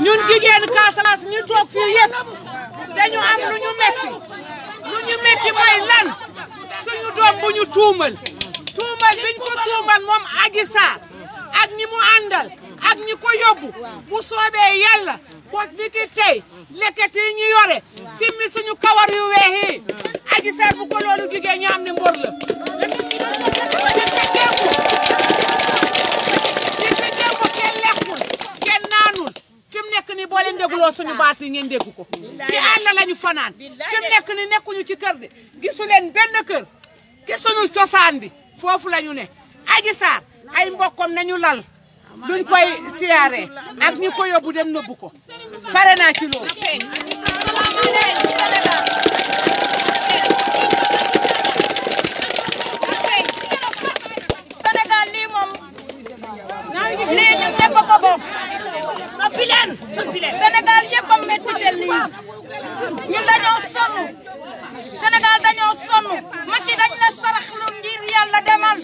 ñun jigéen Casamance ñu toog fii yëpp dañu am lu ñu metti lu ñu metti mooy lan suñu doom bu ñu tuumal tuumal biñ ko tuumal moom ak ñi mu àndal ak ñi ko yóbbu bu soobee yàlla bos ni ki tey lekket ñu kawar yu weex yi Adji Sarr bu ko loolu dégloo suñu baat yi ngeen dégg ko ci àll fanaan fi mu nekk ni nekkuñu ci kër de gisu leen benn kër cosaan bi foofu la ñu ne Adji Sarr ay mbokkam nañu lal duñ koy siyaare ak ñi ko yóbbu dem nëbbu ko pare naa ci loolu sonal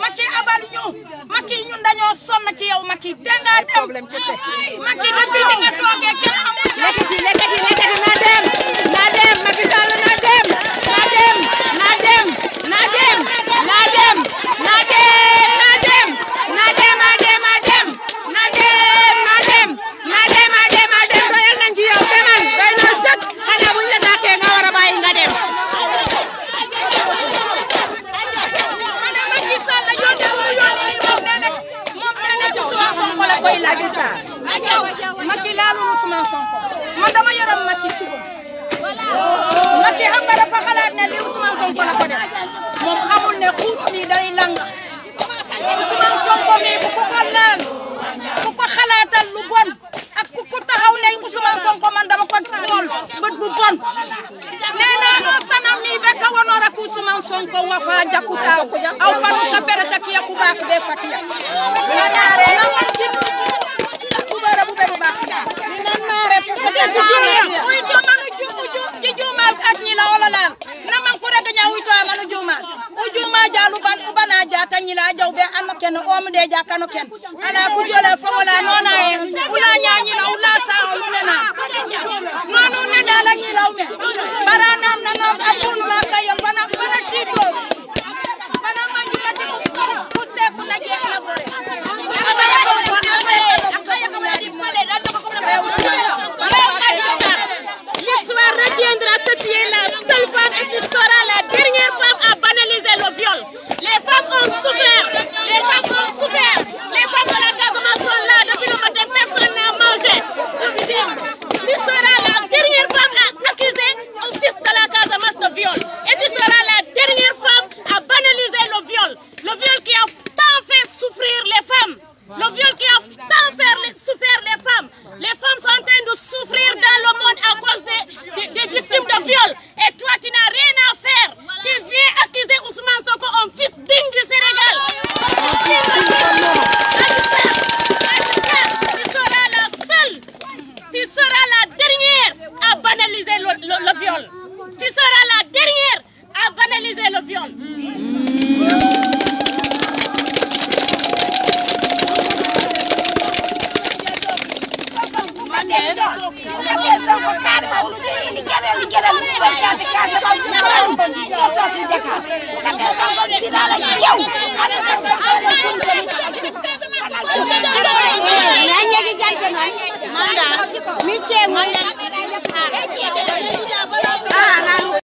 Macky abal ñu Macky ñun dañoo sonn ci yow Macky te nga dem Macky depuis bi nga toogee kenn koy laaj sa ak laalu Ousmane Sonko man dama yaram Macky suba Macky xam nga dafa xalaat ne li Ousmane Sonko la ko def moom xamul ne xuut mi day lang Ousmane Sonko mi bu ko ko laal bu ko xalaatal lu bon ak ku ko taxaw ne Ousmane Sonko man dama ko xool bu bon nee naa sanam mi be ka wonoor ak Ousmane Sonko wa aw panu ka perata kiya ku baax be fatiya kenn omu de jakano ken ala kujole fogola nona e ula nyanyi la ula sa o lunena nonu ne dala nyi la ume bara nam na no Le viol qui a tant fait, souffert les femmes. Les femmes sont en train de souffrir dans le monde à cause des, victimes de viol. Et toi, tu n'as rien à faire. Tu viens accuser Ousmane Soko, un fils digne du Sénégal. Tu seras la seule, tu seras la dernière à banaliser le viol. Tu seras la dernière à banaliser le viol. Manda, Miche, Manda,